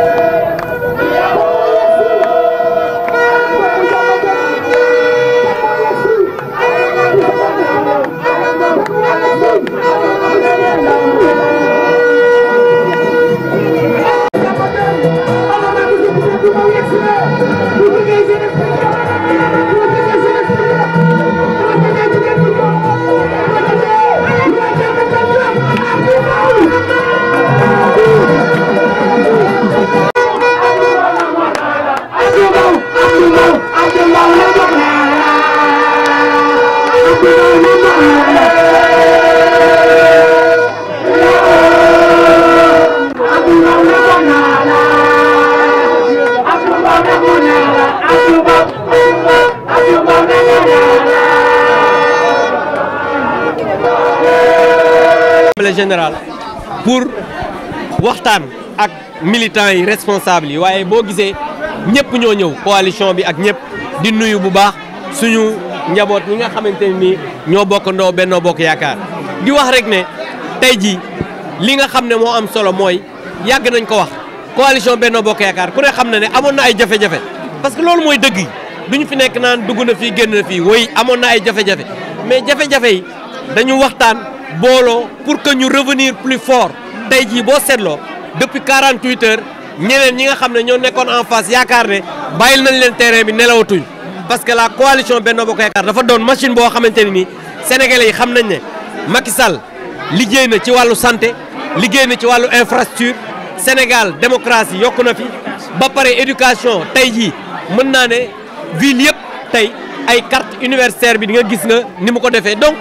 Thank you. assemblée générale pour waxtaan ak militants yi responsables yi waaye boo gisee ñëpp ñoo ñëw coalition bi ak ñëpp di nuyu bu baax suñu njaboot ñi nga xamante ni ñoo bokk ndoo bennoo bokk yaakaar di wax rek ne tey jii li nga xam ne moo am solo mooy yàgg nañ ko wax coalition bennoo bokk yaakaar ku ne xam na ne amoon na ay jafe-jafe parce que loolu mooy dëgg yi duñu fi nekk naan dugg na fii génn na fii woy amoon na ay jafe-jafe mais jafe-jafe yi dañu waxtaan booloo pour que ñu revenir plus fort tey jii boo seetloo depuis 48 heures ñeneen ñi nga xam ne ñoo nekkoon en face yaakaar ne bàyyil nañ leen terrain bi nelawatuñ parce que la coalition Benno ko Yaakaar dafa doon machine boo xamante ne nii sénégalais yi xam nañ ne Macky Sall liggéey na ci wàllu santé liggéey na ci wàllu infrastructure Sénégal démocratie yokk na fi ba pare éducation tey jii mën naa ne ville yëpp tey ay carte universitaire bi di nga gis nga ni mu ko defee donc.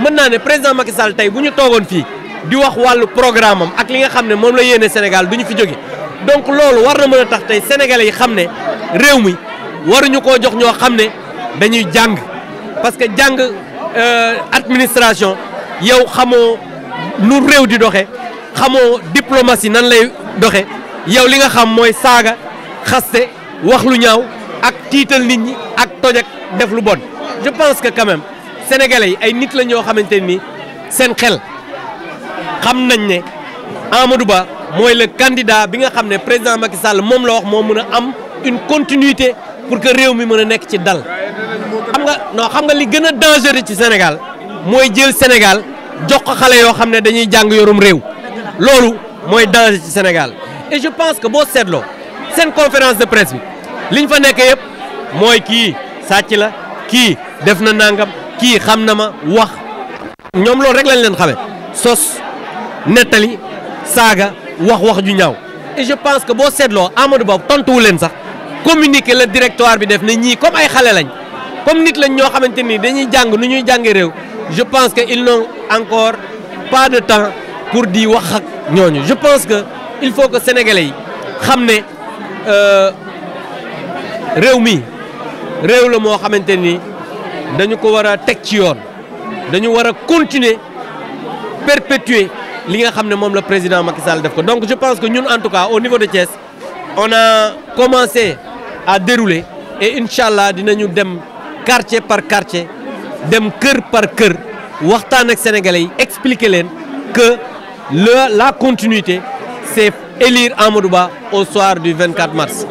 mën naa ne président Macky Sall tey bu ñu toogoon fii di wax wàllu programme am ak li nga xam ne moom la yéene Sénégal du ñu fi jóge donc loolu war na mën a tax tey sénégalais yi xam ne réew mi waruñu ko jox ñoo xam ne dañuy jàng parce que jàng euh, administration yow xamoo nu réew di doxe xamoo diplomatie nan lay doxe yow li nga xam mooy saaga xaste wax lu ñaaw ak tiital nit ñi ak toj ak def lu bon je pense que quand sénégalais yi ay nit la ñoo xamante ni seen xel xam nañ ne Amadou Ba mooy le candidat bi nga xam ne président Macky Sall moom la wax moo mën a am une continuité pour que réew mi mën a nekk ci dal. xam nga noo xam nga li gën a dangereux ci Sénégal mooy jël Sénégal jox ko xale yoo xam ne dañuy jàng yorum réew loolu mooy danger ci Sénégal et je pense que boo seetloo seen conférence de presse bi liñ fa nekk yëpp mooy kii sàcc la kii def na nangam. kii xam na ma wax ñoom loolu rek lañ leen xamee sos nettali saaga wax wax ju ñaaw et je pense que boo seetloo Amadou Ba tontuwu leen sax communiqué la directoire bi def ne ñii comme ay xale lañ comme nit lañ ñoo xamante nii dañuy jàng nu ñuy jàngee réew je pense que il n'ont encore pas de temps pour di wax ak ñooñu je pense que il faut que sénégalais yi xam ne euh, réew mi réew la moo xamante ni. dañu ko war a teg ci yoon dañu war a continuer perpétuer li nga xam ne moom la président Macky Sall def ko donc je pense que ñun en tout cas au niveau de Thiès on a commencé à dérouler et incha allah dinañu dem quartier par quartier dem kër par kër waxtaan ak sénégalais yi expliquer leen que le la continuité c'est élire Amadou Ba au soir du 24 mars.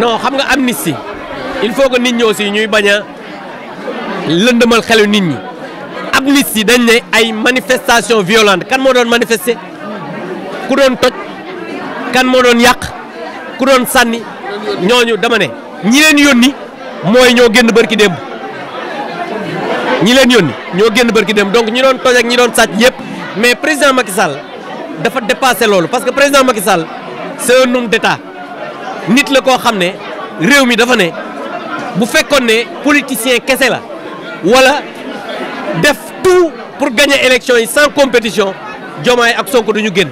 non xam nga amnistie il faut que nit ñi aussi ñuy bañ lëndëmal xelu nit ñi amnistie dañ ne ay manifestation violente kan moo doon manifester ku doon toj kan moo doon yàq ku doon sànni ñoo ñooñu dama ne ñi leen yónni mooy ñoo génn bërki démb ñi leen yónni ñoo génn bërki démb donc ñi doon toj ak ñi doon sàcc yëpp mais président Macky Sall dafa dépassé loolu parce que président Macky Sall c'est un homme nit la koo xam ne réew mi dafa ne bu fekkoon ne politicien kese la wala def tout pour gagner élection yi sans compétition Diomaye ak Sonko duñu génn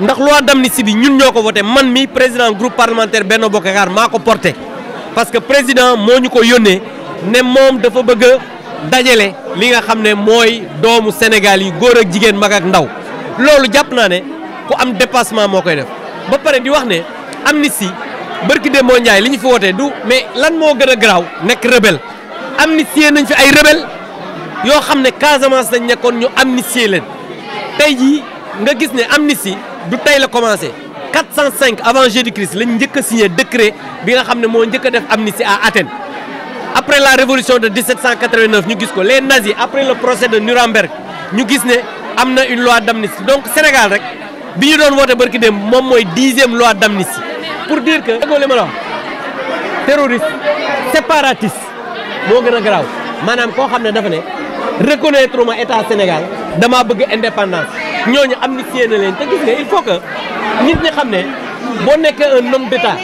ndax loi d'amnistie bi ñun ñoo ko voté man mi président groupe parlementaire benn Bokk Yaakaar maa ko porté parce que président moo ñu ko yónnee ne moom dafa bëgg dajale li nga xam ne mooy doomu Sénégal yi góor ak jigéen mag ak ndaw loolu jàpp naa ne ku am dépassement moo koy def ba pare di wax ne am bër bërki de moo Ndiaye li ñu fi wootee du mais lan moo gën a garaaw nekk amnistier nañ fi ay rebelle yoo xam ne Casamance lañ nekkoon ñu amnistier leen tey jii nga gis ne amnistie du tey la commencé 405 avant Jésus-Christ lañ njëkk a signé décret bi nga xam ne moo njëkk a def amnistie à Athènes après la révolution de 1789 ñu gis ko les nazis après le procès de Nuremberg ñu gis ne am na une loi d'amnistie donc Sénégal rek bi ñu doon woote barki dem moom mooy dixième loi d'amnistie pour dire que déggoo li ma la wax terroriste séparatiste moo gën a garaaw maanaam koo xam ne dafa ne reconnaître ma état Sénégal damaa bëgg indépendance ñooñu amnistie na leen te gis nga il faut que nit ñi xam ne boo nekkee un homme d'état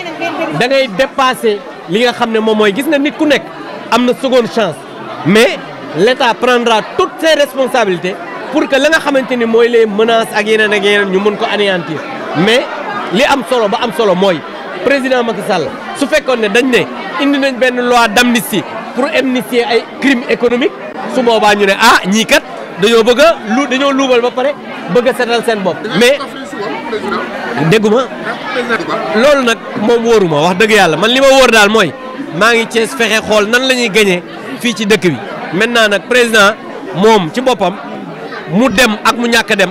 da ngay dépasser li nga xam ne moom mooy gis nga nit ku nekk am na seconde chance mais l'état prendra toutes ses responsabilités pour que la nga xamante ni mooy les menaces ak yeneen ak yeneen ñu mën ko anéantir mais li am solo ba am solo mooy président Macky Sall su fekkoon ne dañ ne indi nañ benn loi d'amnistie pour amnistier ay crime économique su boobaa ñu ne ah ñii kat dañoo bëgg a lu dañoo luubal ba pare bëgg a setal seen bopp mais dégguma loolu nag moom wóoruma wax dëgg yàlla man li ma wóor daal mooy maa ngi Cees fexe xool nan la ñuy gañee fii ci dëkk bi maintenant nag président moom ci boppam mu dem ak mu ñàkk dem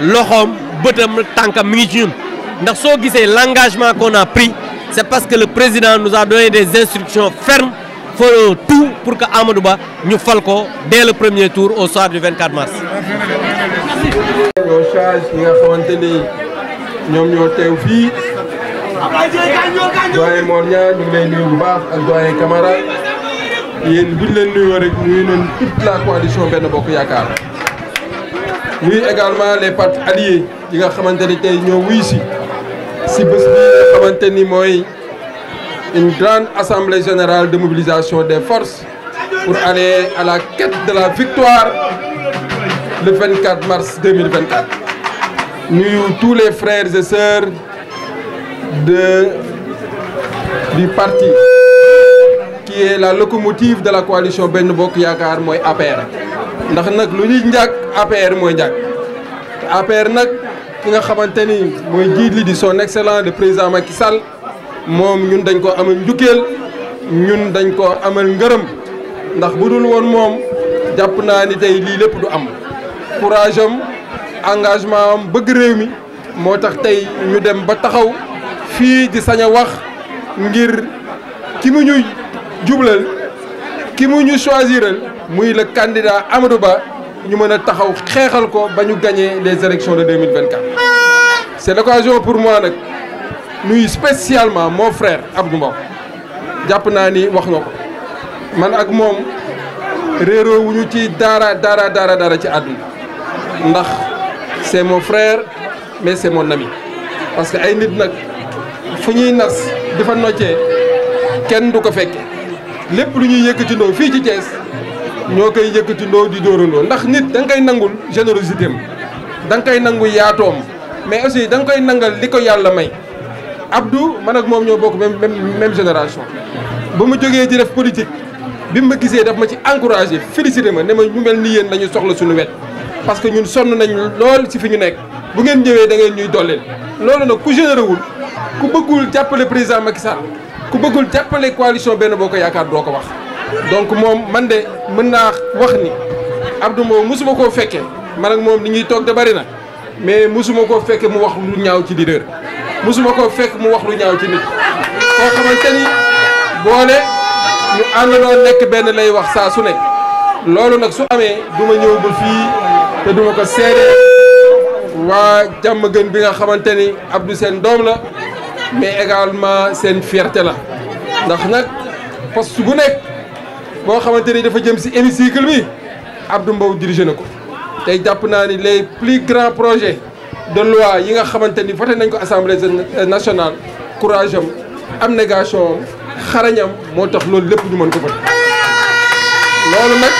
loxoom bëtam tànkam mi ngi ci ñun ndax soo gisee l'engagement qu'on a pris c'est parce que le président nous a donné des instructions fermes feront tout pour que Amadou Ba ñu fal ko dès premier tour au soir du 24 mars. ñoo charge ñi nga xamante ni ñoom ñoo teew fii doyen Mor Niang ñu ngi lay nuy bu baax ak doyen Camara yéen bu ñu leen nuyoo rek nuyu nañ toute la coalition benn bokk yaakaar nuyu également les partis alliés yi nga xamante ni tey ñoo wuy si si bi nga xamante mooy. une grande assemblée générale de mobilisation des forces pour aller à la quête de la victoire le 24 mars 2024. Nous, tous les frères et sœurs de, du parti, qui est la locomotive de la coalition benn Bokk Yaakaar mooy APR. ndax nag lu ñuy njàkk APR mooy njàkk APR nag ki nga xamante ni mooy jiit li di son excellent le président Macky Sall. moom ñun dañ koo amal njukkeel ñun dañ ko amal ngërëm ndax bu dul woon moom jàpp naa ni tey lii lépp du am courage engagement am bëgg réew mi moo tax tey ñu dem ba taxaw fii di sañ a wax ngir ki mu ñu jublal ki mu ñu choisiral muy le candidat Amadou Ba ñu mën a taxaw xeexal ko ba ñu gañee les élections de 2024 c'est l'occasion pour moi nag nuyu spécialement mon frère Abdou Mbow jàpp naa ni wax na ko man ak moom réeroo wuñu ci dara dara dara dara ci àdduna ndax c'est mon frère mais c'est mon ami parce que ay nit nag fu ñuy nas di fa noccee kenn du ko fekke lépp lu ñuy yëkkatindoo fii ci Thiès ñoo koy yëkkatindoo di dóorandoo ndax nit da koy nangul générosité am da nga koy nangu yaatoom mais aussi da nga koy nangal li ko yàlla may Abdou man ak moom ñoo bokk même même génération ba ma jógee di def politique bi ma gisee daf ma ci encouragé félicité ma ne ma ñu mel ni yéen lañu soxla suñu wet parce que ñun sonn nañ lool ci fi ñu nekk bu ngeen ñëwee da ngeen ñuy dolleel loolu nag ku générewul ku bëggul jàppale président Macky Sall ku bëggul jàppale coalition benn boo ko yaakaar doo ko wax donc moom man de mën naa wax ni Abdou moo mosuma koo fekkee man ak moom ni ñuy toog de bari na mais mosuma koo fekkee mu wax lu ñaaw ci leader musuma ko fekk mu wax lu ñaaw ci nit koo xamante ni boole ñu àndandoo nekk benn lay wax saa su nekk loolu nag su amee du ma ñëw ba fii te duma ko seede waa jàmm gën bi nga xamante ni Abdou seen doom la mais également seen fierté la ndax nag poste bu nekk boo xamante ni dafa jëm si hémicycle bi Abdou Mbow dirigé na ko tey jàpp naa ni les plus grand projet de loi yi nga xamante ni voté nañ ko assemblée nationale courage am abnégation am xarañam moo tax loolu lépp ñu mën ko voté loolu nag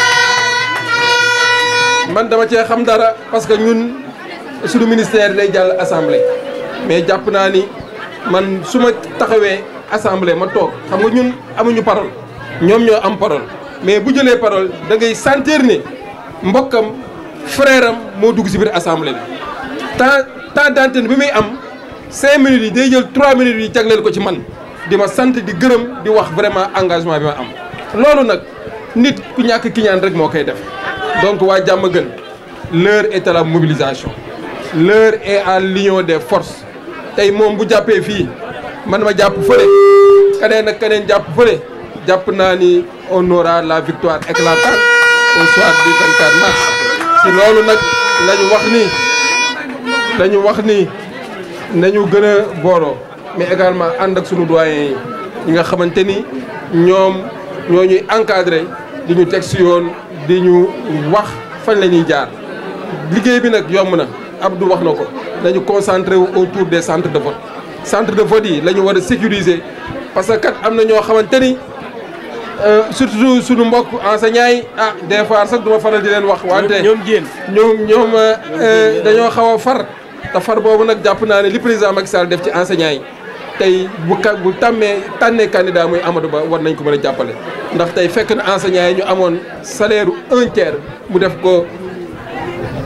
man dama cee xam dara parce que ñun suñu ministère day jàll assemblée mais jàpp naa ni man su ma taxawee assemblée ma toog xam nga ñun amuñu parole ñoom ñoo am parole mais bu jëlee parole da ngay sentir ni mbokkam frère moo dugg si biir assemblée bi temps temps d'antenne bi muy am cinq minutes yi day jël trois minutes yi jagleel ko ci man di ma sant di gërëm di wax vraiment engagement bi ma am. loolu nag nit ku ñàkk kiñaan rek moo koy def donc waa jàmm gën l'heure et à la mobilisation l'heure est à l'union des forces tey moom bu jàppee fii man ma jàpp fële keneen nag keneen jàpp fële jàpp naa ni on aura la victoire éclatante au soir du 24 mars si loolu nag lañu wax ni. dañu wax ni nañu gën a booloo mais également ànd ak suñu doyen yi ñi nga xamante ni ñoom ñoo ñuy encadré di ñu teg si yoon di ñu wax fan la ñuy jaar liggéey bi nag yomb na ab du wax na ko nañu concentré wu autour des centre de vote centre de vote yi la ñu war a sécuriser parce que kat am na ñoo xamante ni euh, surtout suñu mbokk enseignants yi ah des fois sax duma faral di leen wax. wante ñoom ñoom ñoom euh, dañoo xaw a far. te far boobu nag jàpp naa ne li président Macky def ci enseignants yi tey bu ka bu tàmmee tànnee candidat muy Amadou Ba war nañ ko mën a jàppale. ndax tey fekk na enseignants yi ñu amoon salaire un mu def ko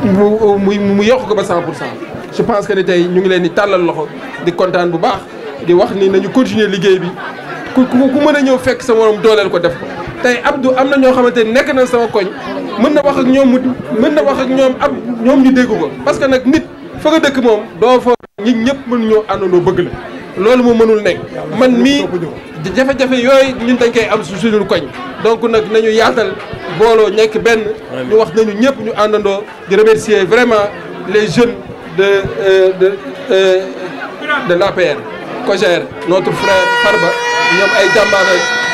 mu mu yokk ko ba 100 pour cent je pense que ni tey ñu ngi leen di tàllal loxo di kontaan bu baax di wax ni nañu continuer liggéey bi ku ku mën a ñëw fekk sa moroom dooleel ko def ko. tey Abdou am na ñoo xamante ne nekk na sama koñ mën na wax ak ñoom mu mën na wax ak ñoom ab ñoom ñu dégg ko parce que nag nit. fa dëkk moom doo fa ñi ñëpp mënuñoo ñoo àndandoo bëgg la loolu moo mënul nekk man mii jafe-jafe yooyu ñun dañ koy am su suñu koñ donc nag nañu yaatal booloo nekk benn ñu wax nañu ñëpp ñu àndandoo di remercier vraiment les jeunes de euh, de euh, de l'APR COJER notre frère Farba ñoom ay jàmbaar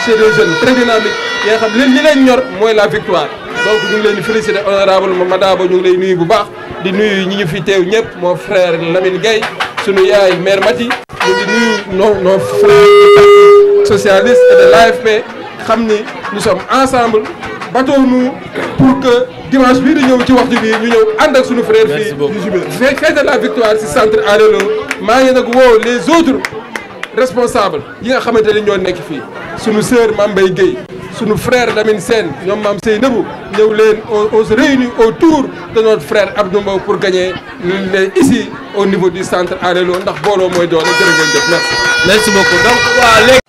c'est des jeunes très dynamiques yi nga xam li li leen ñor mooy la victoire donc ñu leen di féliciter honorable Madaba ñu lay nuyu bu baax di nuyu ñi ñu fi teew ñëpp moo frère Lamine Gueye sunu yaay mère Mati ñu ngi nuyu nos nos frères socialistes et de l'AFP xam ni ñu sommes ensemble battons-nous pour que dimanche bii di ñëw ci waxtu bii ñu ñëw ànd ak sunu frère fii ñu victoire si centre Alelo maa ngi nag woo les autres responsables yi nga xamante ni ñoo nekk fii sunu sœur Mame Mbaye Gueye sunu frère Lamine seen ñoom Mame Sey Ndebou ñëw leen on se réunit autour de notre frère Abdou Mbow pour gagner ñun les au niveau du centre Arelo ndax booloo mooy doole a ngeen jëf merci. merci beaucoup donc waa léegi